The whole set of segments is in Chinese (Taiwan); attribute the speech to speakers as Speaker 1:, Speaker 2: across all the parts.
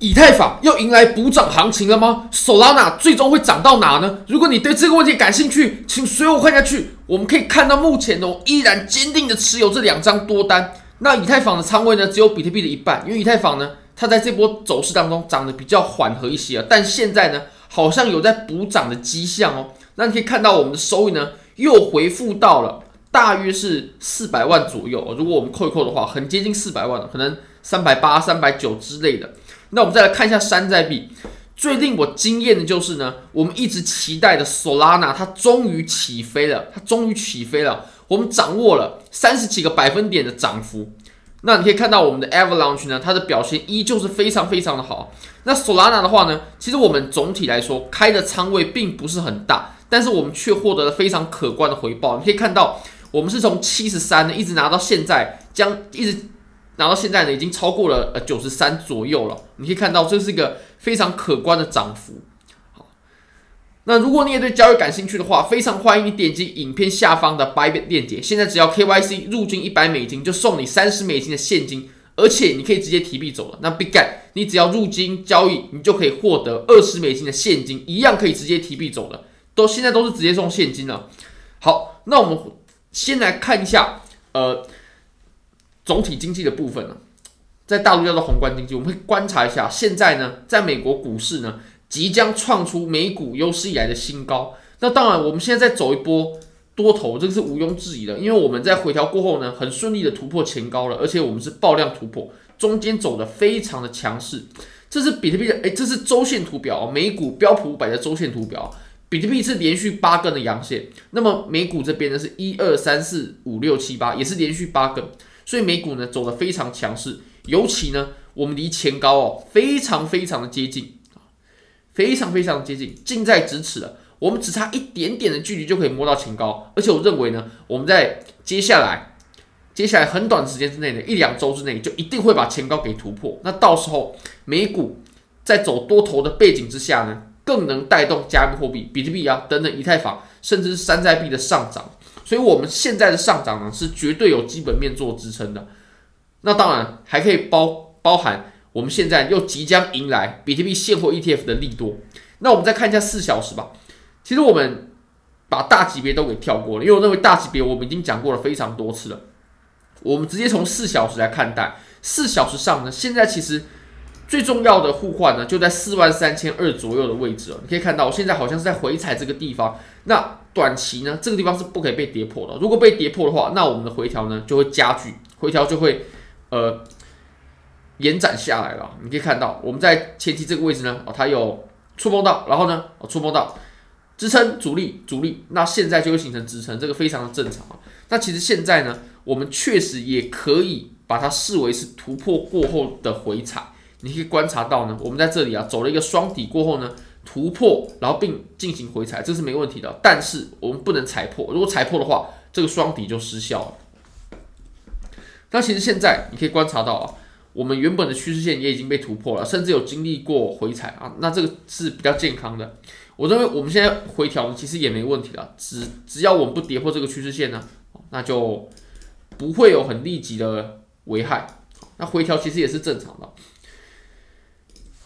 Speaker 1: 以太坊又迎來補漲行情了嗎？Solana 最終會漲到哪呢？如果你對這個問題感興趣，請隨我看下去。我們可以看到，目前哦依然堅定地持有這兩張多單。那以太坊的倉位呢，只有比特幣的一半，因爲以太坊呢，它在這波走勢當中漲得比較緩和一些啊。但現在呢，好像有在補漲的跡象哦。那你可以看到，我們的收益呢又恢復到了大約是四百萬左右。如果我們扣一扣的話，很接近四百萬了，可能三百八、三百九之類的。那我們再來看一下山寨幣，最令我驚豔的就是呢，我們一直期待的 Solana 它終於起飛了，它終於起飛了，我們掌握了三十幾個百分點的漲幅。那你可以看到我們的 Avalanche 呢，它的表現依舊是非常非常的好。那 Solana 的話呢，其實我們總體來說，開的倉位並不是很大，但是我們卻獲得了非常可觀的回報。你可以看到，我們是從七十三呢一直拿到現在將一直拿到現在呢，已經超過了呃九十三左右了。你可以看到，這是一個非常可觀的漲幅。好，那如果你也對交易感興趣的話，非常歡迎你點擊影片下方的 Bybit 鏈接。現在只要 KYC 入金一百美金，就送你三十美金的現金，而且你可以直接提幣走了。那 Bitget，你只要入金交易，你就可以獲得二十美金的現金，一樣可以直接提幣走了。都現在都是直接送現金了。好，那我們先來看一下，呃。總體經濟的部分呢，在大陸叫做宏觀經濟。我們可以觀察一下，現在呢，在美國股市呢即將創出美股有史以來的新高。那當然，我們現在在走一波多頭，這個是毋庸置疑的，因為我們在回調過後呢，很順利的突破前高了，而且我們是爆量突破，中間走的非常的強勢。這是比特幣的，誒、欸，這是週線圖表，美股標普五百的週線圖表，比特幣是連續八根的陽線，那麼美股這邊呢是一二三四五六七八，也是連續八根。所以美股呢走得非常強勢，尤其呢我們離前高哦非常非常的接近，非常非常接近，近在咫尺了。我們只差一點點的距離就可以摸到前高，而且我認為呢，我們在接下來接下來很短的時間之內呢，一兩周之內，就一定會把前高給突破。那到時候美股在走多頭的背景之下呢，更能帶動加密貨幣、比特幣啊等等以太坊，甚至是山寨幣的上漲。所以，我們現在的上漲呢，是絕對有基本面做支撐的。那當然還可以包包含，我們現在又即將迎來比特幣現貨 ETF 的利多。那我們再看一下四小時吧。其實我們把大級別都給跳過了，因為我認為大級別我們已經講過了非常多次了。我們直接從四小時來看待，四小時上呢，現在其實。最重要的互換呢，就在四萬三千二左右的位置哦。你可以看到，我現在好像是在回踩這個地方。那短期呢，這個地方是不可以被跌破的哦。如果被跌破的話，那我們的回調呢就會加劇，回調就會呃延展下來了哦。你可以看到，我們在前期這個位置呢，哦，它有觸碰到，然後呢，哦，觸碰到支撐、阻力、阻力。那現在就會形成支撐，這個非常的正常啊哦。那其實現在呢，我們確實也可以把它視為是突破過後的回踩。你可以觀察到呢，我們在這裡啊走了一個雙底過後呢突破，然後並進行回踩，這是沒問題的。但是我們不能踩破，如果踩破的話，這個雙底就失效了。那其實現在你可以觀察到啊，我們原本的趨勢線也已經被突破了，甚至有經歷過回踩啊，那這個是比較健康的。我認為我們現在回調其實也沒問題了，只只要我們不跌破這個趨勢線呢啊，那就不會有很立即的危害。那回調其實也是正常的。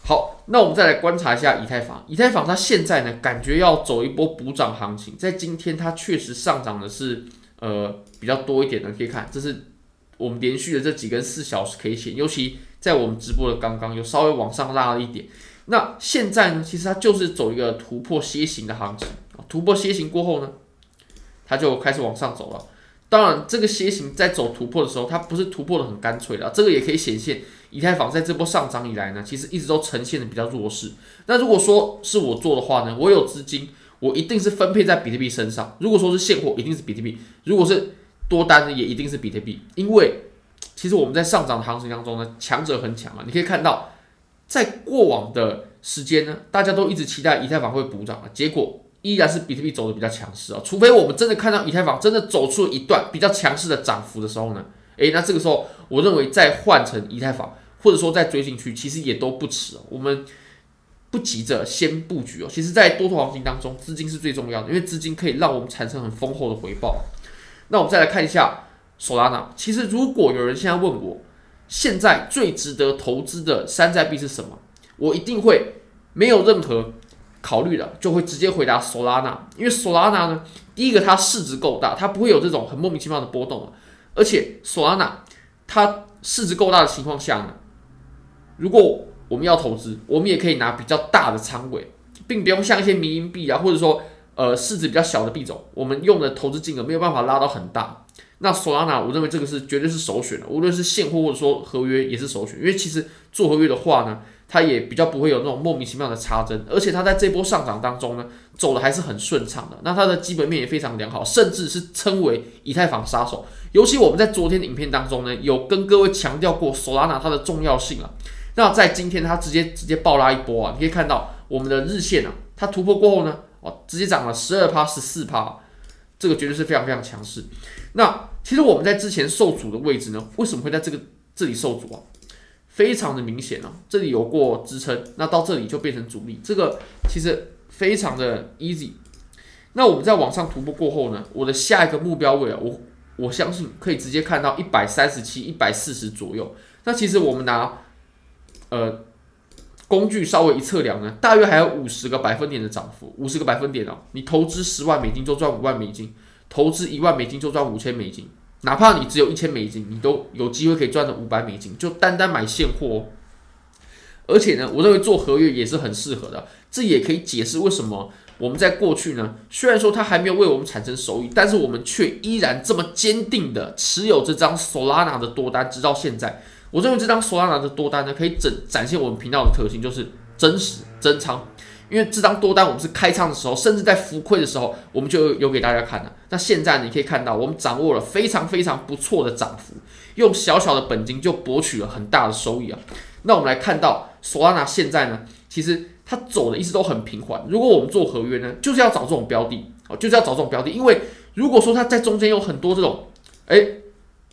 Speaker 1: 好，那我們再來觀察一下以太坊。以太坊它現在呢，感覺要走一波補漲行情。在今天，它確實上漲的是呃比較多一點的，可以看，這是我們連續的這幾根四小時 K 線，尤其在我們直播的剛剛，有稍微往上拉了一點。那現在呢，其實它就是走一個突破楔形的行情。突破楔形過後呢，它就開始往上走了。當然，這個楔形在走突破的時候，它不是突破得很乾脆的，這個也可以顯現。以太坊在這波上漲以來呢，其實一直都呈現的比較弱勢。那如果說是我做的話呢，我有資金，我一定是分配在比特幣身上。如果說是現貨，一定是比特幣；如果是多單，也一定是比特幣。因為其實我們在上漲的行情當中呢，強者很強啊。你可以看到，在過往的時間呢，大家都一直期待以太坊會補漲啊，結果依然是比特幣走的比較強勢啊。除非我們真的看到以太坊真的走出了一段比較強勢的漲幅的時候呢，誒，那這個時候我認為再換成以太坊。或者說再追進去，其實也都不遲。我們不急着先布局哦。其實，在多頭行情當中，資金是最重要的，因為資金可以讓我們產生很豐厚的回報。那我們再來看一下索拉納。其實，如果有人現在問我，現在最值得投資的山寨幣是什麼，我一定會沒有任何考慮的，就會直接回答索拉納。因為索拉納呢，第一個它市值夠大，它不會有這種很莫名其妙的波動。而且索拉納它市值夠大的情況下呢，如果我們要投資，我們也可以拿比較大的倉位，並不用像一些迷因幣啊，或者說呃，市值比較小的幣種，我們用的投資金額沒有辦法拉到很大。那索拉納，我認為這個是絕對是首選的，無論是現貨或者說合約也是首選，因為其實做合約的話呢，它也比較不會有那種莫名其妙的插針，而且它在這波上漲當中呢，走的還是很順暢的。那它的基本面也非常良好，甚至是稱為以太坊殺手。尤其我們在昨天的影片當中呢，有跟各位強調過索拉納它的重要性啊。那在今天，它直接直接爆拉一波啊！你可以看到我們的日線啊，它突破過後呢，哦，直接漲了十二趴、十四趴，這個絕對是非常非常強勢。那其實我們在之前受阻的位置呢，為什麼會在這個這裡受阻啊？非常的明顯啊，這裡有過支撐，那到這裡就變成阻力，這個其實非常的 easy。那我們在往上突破過後呢，我的下一個目標位啊，我我相信可以直接看到一百三十七、一百四十左右。那其實我們拿。呃，工具稍微一測量呢，大約還有五十個百分點的漲幅，五十個百分點哦。你投資十萬美金就賺五萬美金，投資一萬美金就賺五千美金，哪怕你只有一千美金，你都有機會可以賺到五百美金。就單單買現貨哦。而且呢，我認為做合約也是很適合的。這也可以解釋為什麼。我們在過去呢，雖然說它還沒有為我們產生收益，但是我們卻依然這麼堅定的持有這張索拉納的多單，直到現在。我認為這張索拉納的多單呢，可以整展現我們頻道的特性，就是真實真倉。因為這張多單，我們是開倉的時候，甚至在浮虧的時候，我們就有給大家看了。那現在你可以看到，我們掌握了非常非常不錯的漲幅，用小小的本金就博取了很大的收益啊。那我們來看到。索拉納現在呢，其實它走的一直都很平緩。如果我們做合約呢，就是要找這種標的，就是要找這種標的，因為如果說它在中間有很多這種，哎、欸，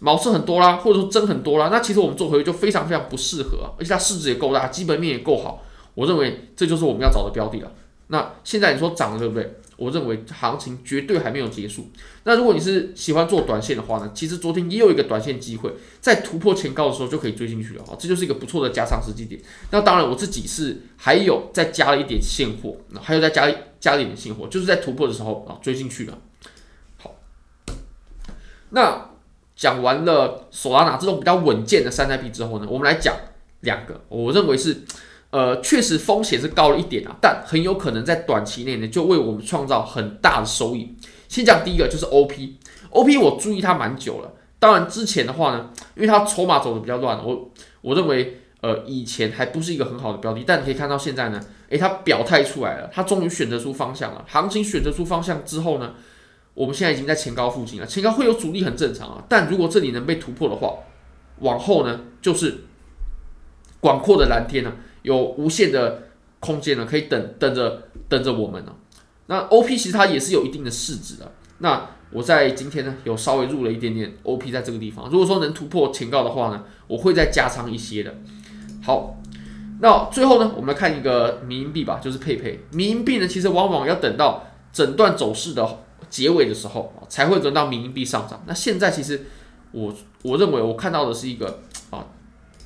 Speaker 1: 毛刺很多啦，或者說針很多啦，那其實我們做合約就非常非常不適合，而且它市值也夠大，基本面也夠好，我認為這就是我們要找的標的了。那現在你說漲了對不對？我認為行情絕對還沒有結束。那如果你是喜歡做短線的話呢，其實昨天也有一個短線機會，在突破前高的時候就可以追進去了啊、哦，這就是一個不錯的加倉時機點。那當然，我自己是還有再加了一點現貨，那還有再加加了一點現貨，就是在突破的時候啊、哦，追進去了。好，那講完了索拉納這種比較穩健的山寨幣之後呢，我們來講兩個，我認為是。呃，確實風險是高了一點啊，但很有可能在短期內呢，就為我們創造很大的收益。先講第一個就是 OP，OP 我注意它蠻久了。當然之前的話呢，因為它籌碼走的比較亂，我我認為呃以前還不是一個很好的標的。但你可以看到現在呢，誒，它表態出來了，它終於選擇出方向了。行情選擇出方向之後呢，我們現在已經在前高附近了。前高會有阻力，很正常啊。但如果這裡能被突破的話，往後呢就是廣闊的藍天了。有無限的空間呢，可以等等着等着我們呢、喔。那 OP 其實它也是有一定的市值的。那我在今天呢有稍微入了一點點 OP 在這個地方。如果說能突破前高的話呢，我會再加倉一些的。好，那最後呢，我們來看一個迷因幣吧，就是佩佩。迷因幣呢，其實往往要等到整段走勢的結尾的時候，才會輪到迷因幣上漲。那現在其實我我認為我看到的是一個。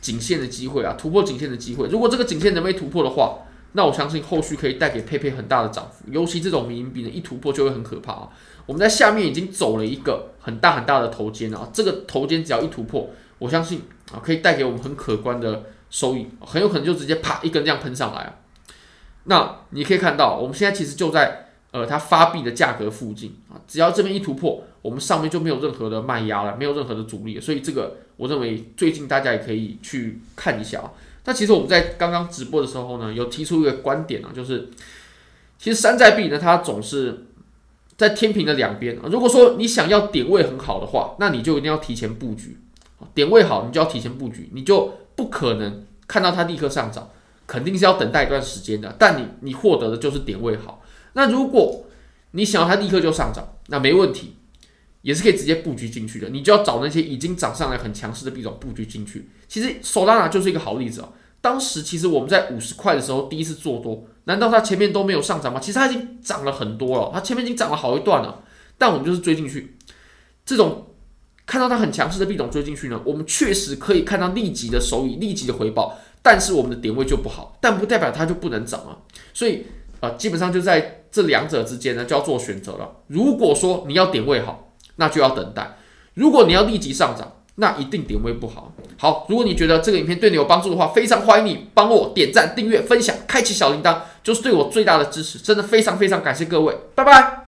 Speaker 1: 頸線的機會啊，突破頸線的機會。如果這個頸線能被突破的話，那我相信後續可以帶給佩佩很大的漲幅。尤其這種迷因幣呢，一突破就會很可怕啊。我們在下面已經走了一個很大很大的頭肩啊，這個頭肩只要一突破，我相信啊，可以帶給我們很可觀的收益，很有可能就直接啪一根這樣噴上來啊。那你可以看到，我們現在其實就在。呃，它發幣的價格附近啊，只要這邊一突破，我們上面就沒有任何的賣壓了，沒有任何的阻力，所以這個我認為最近大家也可以去看一下啊。那其實我們在剛剛直播的時候呢，有提出一個觀點啊，就是其實山寨幣呢，它總是在天平的兩邊啊。如果說你想要點位很好的話，那你就一定要提前布局，點位好，你就要提前布局，你就不可能看到它立刻上漲，肯定是要等待一段時間的。但你你獲得的就是點位好。那如果你想要它立刻就上漲，那沒問題，也是可以直接布局進去的。你就要找那些已經漲上來很強勢的幣種布局進去。其實 Solana 就是一個好例子啊。當時其實我們在五十塊的時候第一次做多，難道它前面都沒有上漲嗎？其實它已經漲了很多了，它前面已經漲了好一段了。但我們就是追進去，這種看到它很強勢的幣種追進去呢，我們確實可以看到立即的收益，立即的回報，但是我們的點位就不好，但不代表它就不能漲啊。所以啊，呃，基本上就在。這兩者之間呢，就要做選擇了。如果說你要點位好，那就要等待；如果你要立即上漲，那一定點位不好。好，如果你覺得這個影片對你有幫助的話，非常歡迎你幫我點贊、訂閱、分享、開啟小鈴鐺，就是對我最大的支持。真的非常非常感謝各位，拜拜。